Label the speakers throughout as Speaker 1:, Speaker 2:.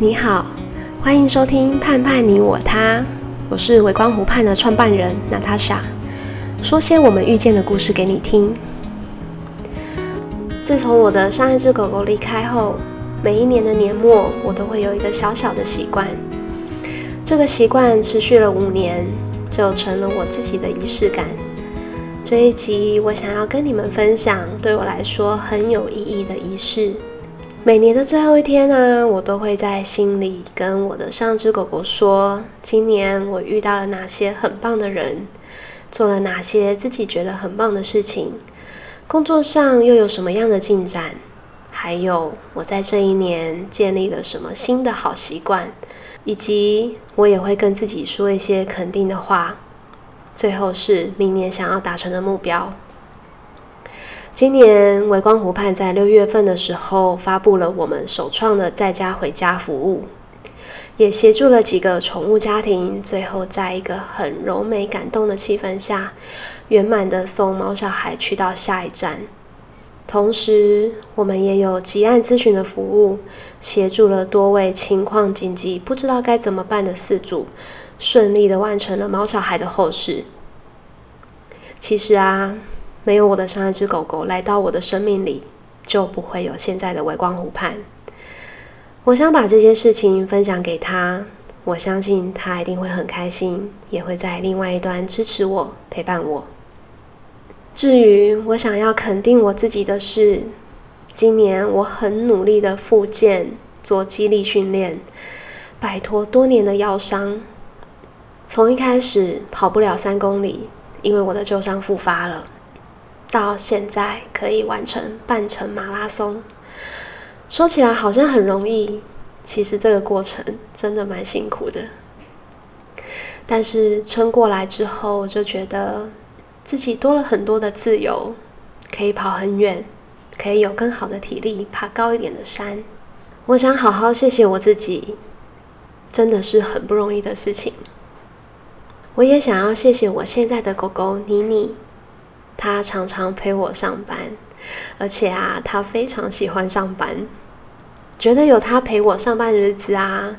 Speaker 1: 你好，歡迎收聽《盼盼你我他》，我是微光湖畔的創辦人娜塔莎，說些我們遇見的故事給你聽。自從我的上一隻狗狗離開後，每一年的年末，我都會有一個小小的習慣，這個習慣持續了五年，就成了我自己的儀式感。這一集我想要跟你們分享，對我來說很有意義的儀式。每年的最後一天呢、啊，我都會在心裡跟我的上只狗狗說：今年我遇到了哪些很棒的人，做了哪些自己覺得很棒的事情，工作上又有什麼樣的進展，還有我在這一年建立了什麼新的好習慣，以及我也會跟自己說一些肯定的話。最後是明年想要達成的目標。今年，微光湖盼在六月份的時候發佈了我們首創的在家回家服務，也協助了幾個寵物家庭，最後在一個很柔美感動的氣氛下，圓滿的送毛小孩去到下一站。同時，我們也有急案諮詢的服務，協助了多位情況緊急不知道該怎麼辦的飼主，順利的完成了毛小孩的後事。其實啊。沒有我的上一隻狗狗來到我的生命裡，就不會有現在的微光湖盼。我想把這件事情分享給他，我相信他一定會很開心，也會在另外一端支持我、陪伴我。至於我想要肯定我自己的事，今年我很努力的復健、做肌力訓練，擺脫多年的腰傷。從一開始跑不了三公里，因為我的舊傷復發了。到現在可以完成半程馬拉松，說起來好像很容易，其實這個過程真的蠻辛苦的。但是撐過來之後，我就覺得自己多了很多的自由，可以跑很遠，可以有更好的體力爬高一點的山。我想好好謝謝我自己，真的是很不容易的事情。我也想要謝謝我現在的狗狗妮妮。他常常陪我上班，而且啊，他非常喜歡上班。覺得有他陪我上班的日子啊，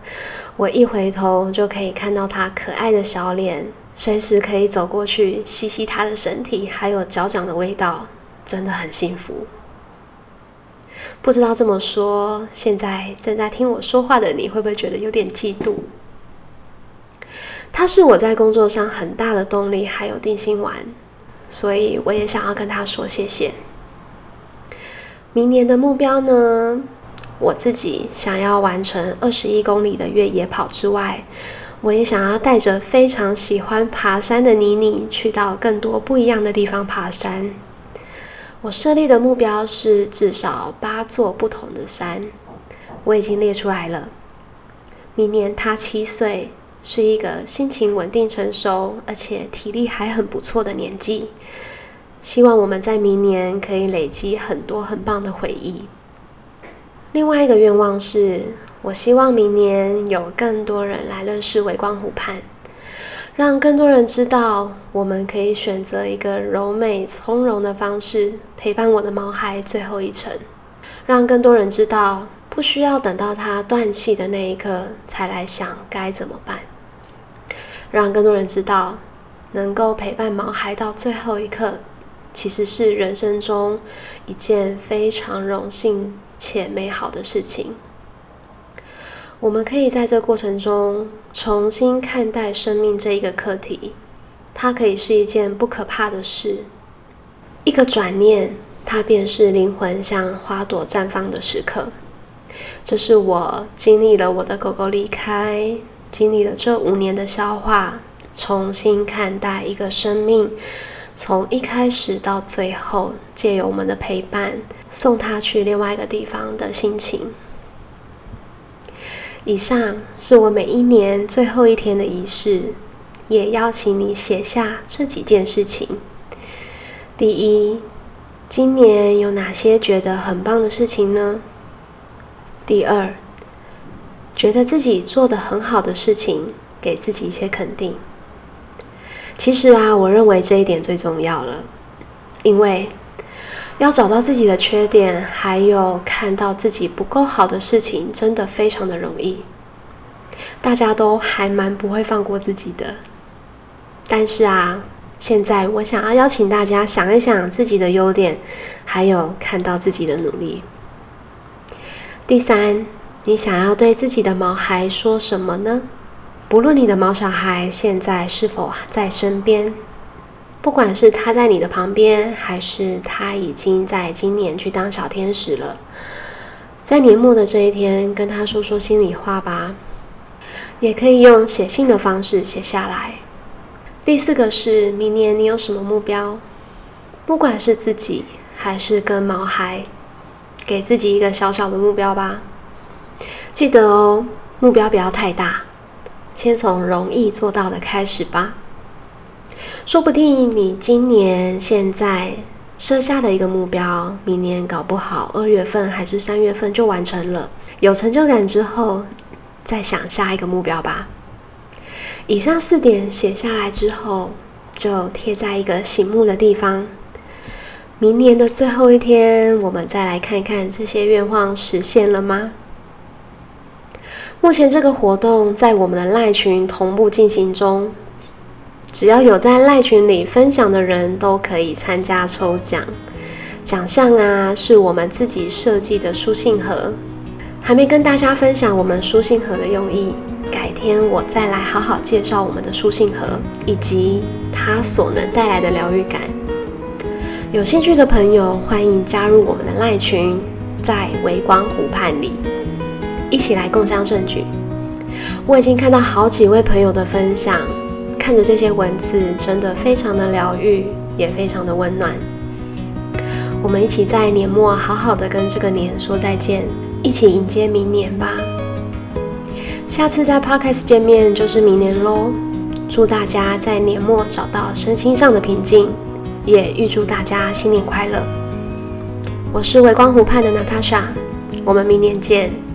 Speaker 1: 我一回頭就可以看到他可愛的小臉，隨時可以走過去吸吸他的身體還有腳掌的味道，真的很幸福。不知道這麼說，現在正在聽我說話的你會不會覺得有點嫉妒？他是我在工作上很大的動力，還有定心丸。所以我也想要跟他說謝謝。明年的目標呢，我自己想要完成二十一公里的越野跑之外，我也想要帶着非常喜歡爬山的妮妮去到更多不一樣的地方爬山。我設立的目標是至少八座不同的山，我已經列出來了。明年他七歲。是一個心情穩定、成熟，而且體力還很不錯的年紀。希望我們在明年可以累積很多很棒的回憶。另外一個願望是，我希望明年有更多人來認識微光湖盼，讓更多人知道我們可以選擇一個柔美從容的方式陪伴我的毛孩最後一程，讓更多人知道。不需要等到他斷氣的那一刻才來想該怎麼辦。讓更多人知道，能夠陪伴毛孩到最後一刻，其實是人生中一件非常榮幸且美好的事情。我們可以在這過程中重新看待生命這一個課題，它可以是一件不可怕的事。一個轉念，它便是靈魂像花朵綻放的時刻。這是我經歷了我的狗狗離開，經歷了這五年的消化，重新看待一個生命，從一開始到最後，借由我們的陪伴，送它去另外一個地方的心情。以上是我每一年最後一天的儀式，也邀請你寫下這幾件事情。第一，今年有哪些覺得很棒的事情呢？第二，覺得自己做得很好的事情，給自己一些肯定。其實啊，我認為這一點最重要了，因為要找到自己的缺點，還有看到自己不夠好的事情，真的非常的容易。大家都還蠻不會放過自己的，但是啊，現在我想要邀請大家想一想自己的優點，還有看到自己的努力。第三，你想要對自己的毛孩說什麼呢？不論你的毛小孩現在是否在身邊，不管是他在你的旁邊，還是他已經在今年去當小天使了，在年末的這一天，跟他說說心裡話吧。也可以用寫信的方式寫下來。第四個是，明年你有什麼目標？不管是自己，還是跟毛孩。給自己一個小小的目標吧，記得哦，目標不要太大，先從容易做到的開始吧。說不定你今年現在設下的一個目標，明年搞不好二月份還是三月份就完成了，有成就感之後，再想下一個目標吧。以上四點寫下來之後，就貼在一個醒目的地方。明年的最後一天，我們再來看看這些願望實現了嗎？目前這個活動在我們的 Line 群同步進行中，只要有在 Line 群裡分享的人都可以參加抽獎。獎項啊，是我們自己設計的書信盒，還沒跟大家分享我們書信盒的用意，改天我再來好好介紹我們的書信盒，以及它所能帶來的療癒感。有興趣的朋友，歡迎加入我們的賴群，在微光湖畔裡，一起來共襄盛舉。我已經看到好幾位朋友的分享，看着這些文字，真的非常的療癒，也非常的溫暖。我們一起在年末好好的跟這個年說再見，一起迎接明年吧。下次在 Podcast 見面就是明年咯，祝大家在年末找到身心上的平靜。也預祝大家新年快樂！我是微光湖畔的娜塔莎，我們明年見。